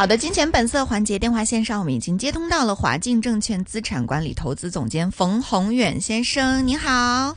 好的，金錢本色環節電話線上，我們已經接通到了華進證券資產管理投資總監馮宏遠先生，您好。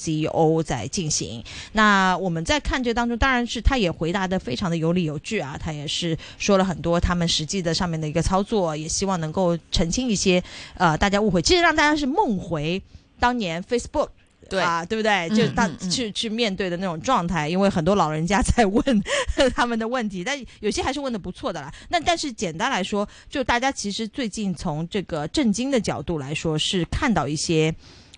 CEO 在進行，那我們在看這當中，當然是他也回答得非常的有理有據啊，他也是說了很多他們實際的上面的一個操作，也希望能夠澄清一些呃大家誤會，其實讓大家是夢回當年 Facebook 對啊，對不對？就當、嗯嗯嗯、去去面對的那種狀態，因為很多老人家在問他們的問題，但有些還是問得不錯的啦。那但是簡單來說，就大家其實最近從這個震驚的角度來說，是看到一些。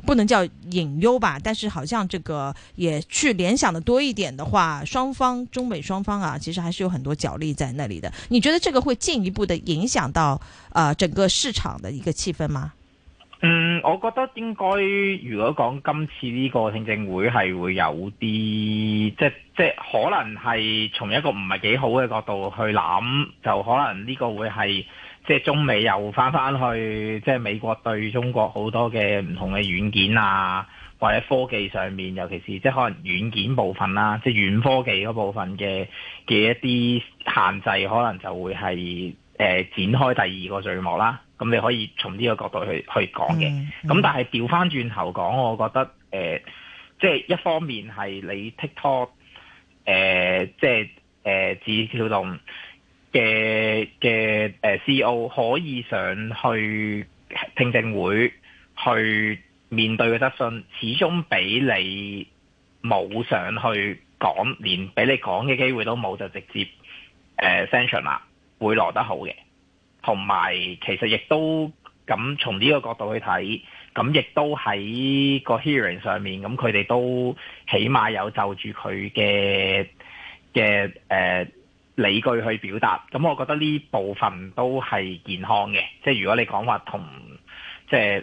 不能叫隱憂吧，但是好像這個也去聯想的多一點的話，雙方中美雙方啊，其實還是有很多角力在那裏的。你覺得這個會進一步的影響到啊、呃、整個市場的一個氣氛嗎？嗯，我覺得應該如果講今次呢個聽證會係會有啲，即即可能係從一個唔係幾好嘅角度去諗，就可能呢個會係。即係中美又翻翻去，即係美國對中國好多嘅唔同嘅軟件啊，或者科技上面，尤其是即係可能軟件部分啦，即係軟科技嗰部分嘅嘅一啲限制，可能就會係誒、呃、展開第二個序幕啦。咁你可以從呢個角度去去講嘅。咁、嗯嗯、但係調翻轉頭講，我覺得誒、呃，即係一方面係你 TikTok，誒、呃、即係誒字節跳動。嘅嘅 CEO 可以上去聽證會去面對嘅質詢，始終畀你冇上去講，連俾你講嘅機會都冇，就直接誒 sentence 啦，會落得好嘅。同埋其實亦都咁、嗯、從呢個角度去睇，咁、嗯、亦都喺個 hearing 上面，咁佢哋都起碼有就住佢嘅嘅誒，理據去表達，咁我覺得呢部分都係健康嘅。即係如果你講話同即係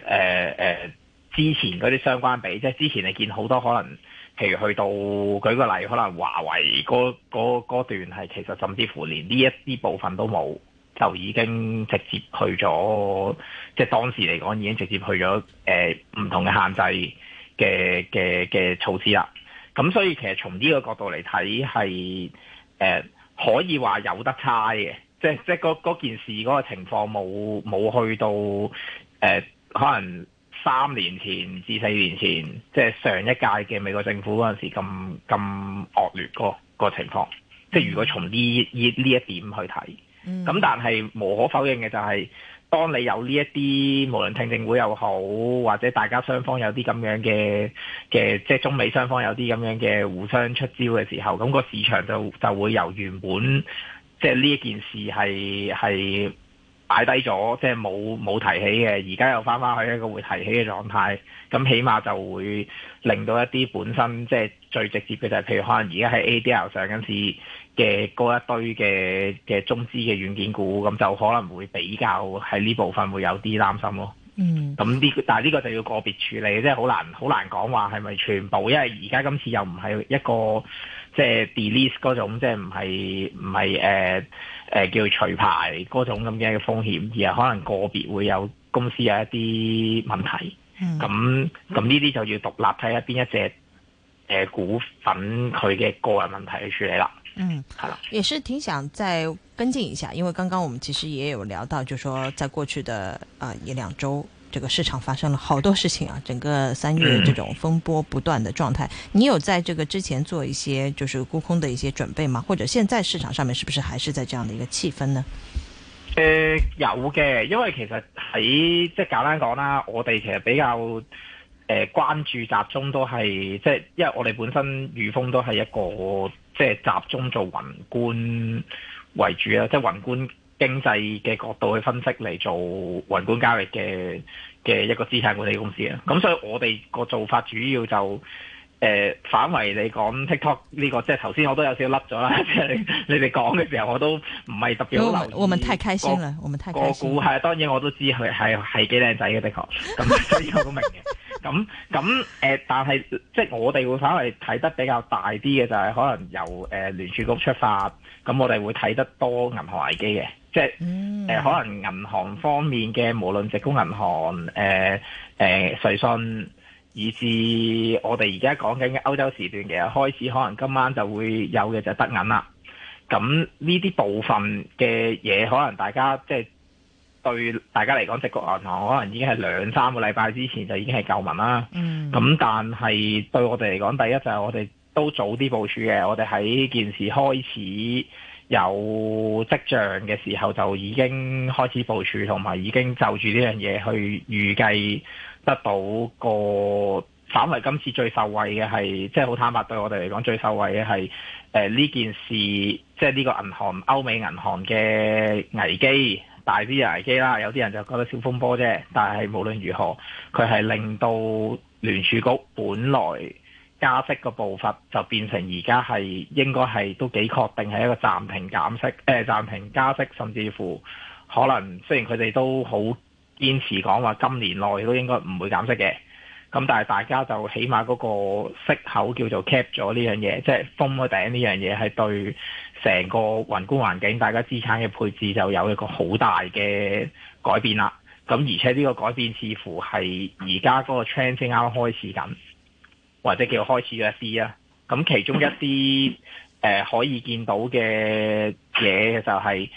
誒誒之前嗰啲相關比，即係之前你見好多可能，譬如去到舉個例，可能華為嗰嗰嗰段係其實甚至乎連呢一啲部分都冇，就已經直接去咗，即係當時嚟講已經直接去咗誒唔同嘅限制嘅嘅嘅措施啦。咁所以其實從呢個角度嚟睇，係誒。呃可以話有得猜嘅，即係即係嗰件事嗰個情況冇冇去到誒，可能三年前至四年前，即係上一屆嘅美國政府嗰陣時咁咁惡劣個個情況。即係如果從呢呢一點去睇，咁但係無可否認嘅就係。當你有呢一啲，無論聽證會又好，或者大家雙方有啲咁樣嘅嘅，即係中美雙方有啲咁樣嘅互相出招嘅時候，咁個市場就就會由原本即係呢一件事係係擺低咗，即係冇冇提起嘅，而家又翻翻去一個會提起嘅狀態，咁起碼就會令到一啲本身即係最直接嘅就係，譬如可能而家喺 ADL 上的時候，緊事。嘅嗰一堆嘅嘅中資嘅軟件股，咁就可能會比較喺呢部分會有啲擔心咯。嗯。咁呢？但係呢個就要個別處理，即係好難好難講話係咪全部，因為而家今次又唔係一個即係、就是、delist 嗰種，即係唔係唔係誒誒叫除牌嗰種咁嘅風險，而係可能個別會有公司有一啲問題。咁咁呢啲就要獨立睇下邊一隻。誒，股份佢嘅個人問題處理啦。嗯，係啦，也是挺想再跟進一下，因為剛剛我們其實也有聊到，就說在過去的啊一、呃、兩周，這個市場發生了好多事情啊，整個三月這種風波不斷的狀態。嗯，你有在這個之前做一些就是沽空的一些準備嗎？或者現在市場上面是不是還是在這樣的一個氣氛呢？誒、呃，有嘅，因為其實喺即係簡單講啦，我哋其實比較。誒關注集中都係即係，因為我哋本身御峰都係一個即係集中做宏觀為主啊，即係宏觀經濟嘅角度去分析嚟做宏觀交易嘅嘅一個資產管理公司啊。咁所以，我哋個做法主要就誒、是呃、反為你講 TikTok 呢、這個，即係頭先我都有少少甩咗啦。即係 你哋講嘅時候，我都唔係特別好留意個股係。當然我都知佢係係幾靚仔嘅。的確咁，所以我都明嘅。 咁咁誒，但係即我哋會稍微睇得比較大啲嘅就係可能由誒、呃、聯儲局出發，咁我哋會睇得多銀行危機嘅，即、嗯呃、可能銀行方面嘅無論矽谷銀行誒誒、呃呃、瑞信，以至我哋而家講緊嘅歐洲時段嘅開始，可能今晚就會有嘅就德銀啦。咁呢啲部分嘅嘢，可能大家即係。對大家嚟講，矽谷銀行可能已經係兩三個禮拜之前就已經係舊聞啦。咁、嗯、但係對我哋嚟講，第一就係我哋都早啲部署嘅，我哋喺呢件事開始有跡象嘅時候就已經開始部署，同埋已經就住呢樣嘢去預計得到個。反為今次最受惠嘅係，即係好坦白，對我哋嚟講最受惠嘅係，誒、呃、呢件事，即係呢個銀行、歐美銀行嘅危機。大啲危機啦，有啲人就覺得小風波啫。但係無論如何，佢係令到聯儲局本來加息嘅步伐就變成而家係應該係都幾確定係一個暫停減息，誒、呃、暫停加息，甚至乎可能雖然佢哋都好堅持講話今年內都應該唔會減息嘅。咁但係大家就起碼嗰個息口叫做 cap 咗呢樣嘢，即、就、係、是、封個頂呢樣嘢係對成個宏觀環境、大家資產嘅配置就有一個好大嘅改變啦。咁而且呢個改變似乎係而家嗰個 trend 啱開始緊，或者叫開始咗一啲啊。咁其中一啲誒、呃、可以見到嘅嘢就係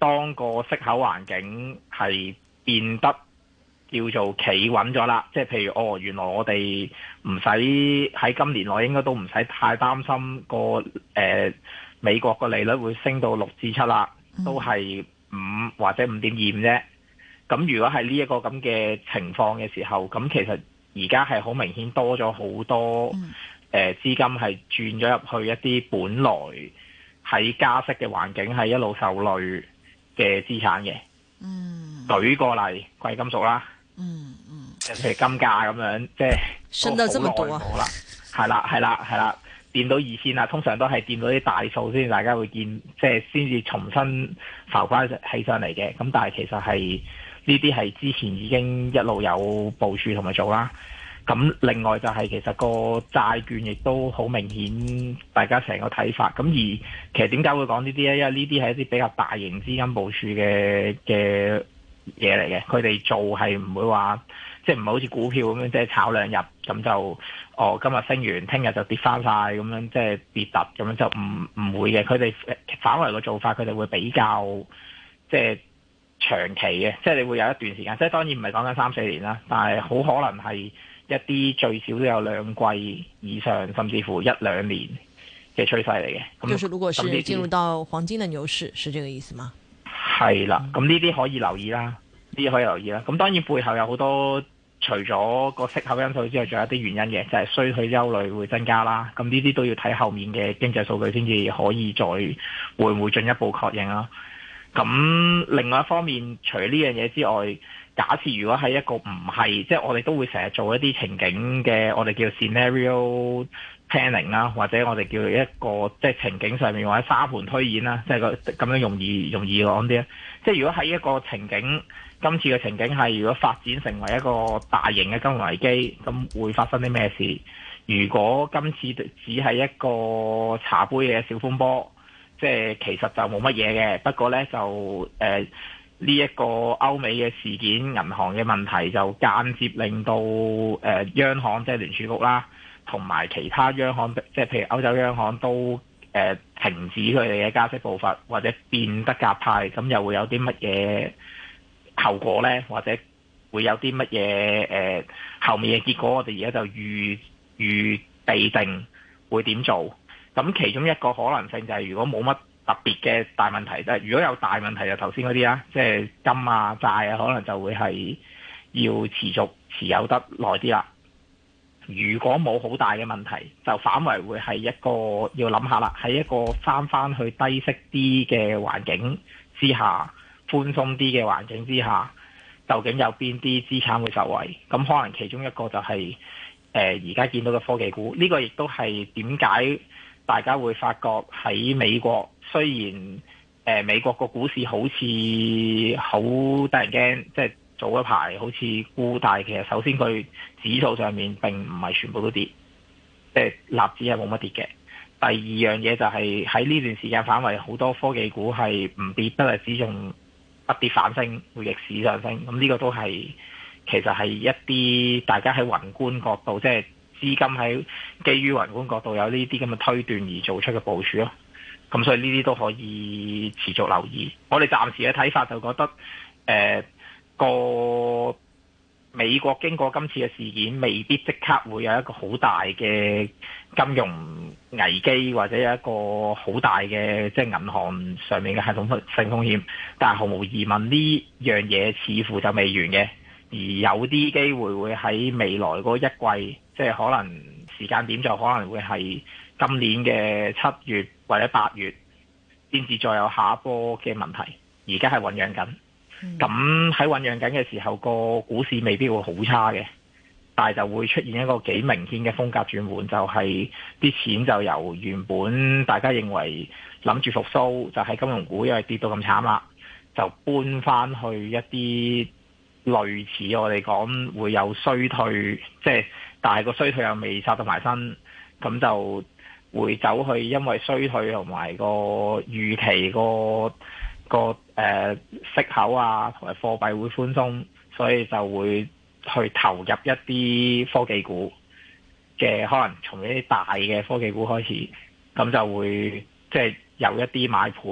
當個息口環境係變得。叫做企穩咗啦，即係譬如哦，原來我哋唔使喺今年內應該都唔使太擔心個誒、呃、美國個利率會升到六至七啦，都係五或者五點二五啫。咁如果係呢一個咁嘅情況嘅時候，咁其實而家係好明顯多咗好多誒、呃、資金係轉咗入去一啲本來喺加息嘅環境係一路受累嘅資產嘅。嗯，舉個例，貴金屬啦。嗯嗯，就、嗯、譬如金價咁樣，即係信、啊、到咁好啦，係啦係啦係啦，掂到二千啦，通常都係掂到啲大數先，大家會見，即係先至重新浮翻起上嚟嘅。咁但係其實係呢啲係之前已經一路有部署同埋做啦。咁另外就係其實個債券亦都好明顯，大家成個睇法。咁而其實點解會講呢啲咧？因為呢啲係一啲比較大型資金部署嘅嘅。嘢嚟嘅，佢哋做係唔會話，即係唔係好似股票咁樣，即係炒兩日咁就，哦，今日升完，聽日就跌翻晒咁樣，即係跌突咁樣就唔唔會嘅。佢哋反過嚟個做法，佢哋會比較，即係長期嘅，即係你會有一段時間，即係當然唔係講緊三四年啦，但係好可能係一啲最少都有兩季以上，甚至乎一兩年嘅趨勢嚟嘅。咁，就是如果是進入到黃金嘅牛市，是這個意思嗎？係啦，咁呢啲可以留意啦，呢啲可以留意啦。咁當然背後有好多除咗個息口因素之外，仲有一啲原因嘅，就係衰退憂慮會增加啦。咁呢啲都要睇後面嘅經濟數據先至可以再會唔會進一步確認啦。咁另外一方面，除呢樣嘢之外。假設如果係一個唔係，即係我哋都會成日做一啲情景嘅，我哋叫 scenario planning 啦，或者我哋叫一個即係情景上面或者沙盤推演啦，即係個咁樣容易容易講啲啊！即係如果喺一個情景，今次嘅情景係如果發展成為一個大型嘅金融危機，咁會發生啲咩事？如果今次只係一個茶杯嘅小風波，即係其實就冇乜嘢嘅，不過呢，就、呃呢一個歐美嘅事件、銀行嘅問題，就間接令到誒、呃、央行即係聯儲局啦，同埋其他央行即係譬如歐洲央行都誒、呃、停止佢哋嘅加息步伐，或者變得鴿派，咁又會有啲乜嘢後果呢？或者會有啲乜嘢誒後面嘅結果我們現在，我哋而家就預預備定會點做？咁其中一個可能性就係如果冇乜。特別嘅大問題，如果有大問題，就頭先嗰啲啦，即係金啊、債啊，可能就會係要持續持有得耐啲啦。如果冇好大嘅問題，就反為會係一個要諗下啦，喺一個翻翻去低息啲嘅環境之下，寬鬆啲嘅環境之下，究竟有邊啲資產會受惠？咁可能其中一個就係誒而家見到嘅科技股，呢個亦都係點解，大家會發覺喺美國，雖然、呃、美國個股市好似好突然驚，即係早一排好似沽大，但其實首先佢指數上面並唔係全部都跌，即係納指係冇乜跌嘅。第二樣嘢就係喺呢段時間範圍，好多科技股係唔跌不係只用不跌反升，會逆市上升。咁呢個都係其實係一啲大家喺宏觀角度即係，就是資金喺基於宏觀角度有呢啲咁嘅推斷而做出嘅部署咯，咁所以呢啲都可以持續留意。我哋暫時嘅睇法就覺得、呃，個美國經過今次嘅事件，未必即刻會有一個好大嘅金融危機，或者有一個好大嘅即係銀行上面嘅系統性風險。但係毫無疑問，呢樣嘢似乎就未完嘅。而有啲機會會喺未來嗰一季，即係可能時間點就可能會係今年嘅七月或者八月，先至再有下一波嘅問題。而家係醖釀緊，咁喺醖釀緊嘅時候，個股市未必會好差嘅，但係就會出現一個幾明顯嘅風格轉換，就係啲錢就由原本大家認為諗住復甦，就係金融股，因為跌到咁慘啦，就搬翻去一啲。類似我哋講會有衰退，即係但係個衰退又未殺到埋身，咁就會走去，因為衰退同埋個預期、個個誒息口啊，同埋貨幣會寬鬆，所以就會去投入一啲科技股嘅可能，從啲大嘅科技股開始，咁就會即係有一啲買盤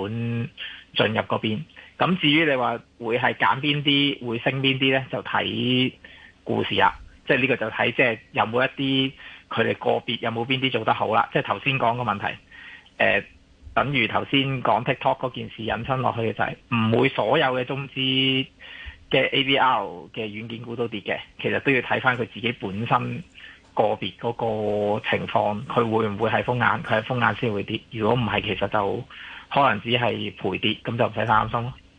進入嗰邊。咁至於你話會係揀邊啲，會升邊啲呢？就睇故事啦。即係呢個就睇，即係有冇一啲，佢哋個別有冇邊啲做得好啦。即係頭先講個問題，誒、呃，等於頭先講 TikTok 嗰件事引申落去嘅就係、是、唔會所有嘅中資嘅 ADR 嘅軟件股都跌嘅。其實都要睇翻佢自己本身個別嗰個情況，佢會唔會係風眼？佢係風眼先會跌，如果唔係，其實就可能只係賠跌，咁就唔使擔心咯。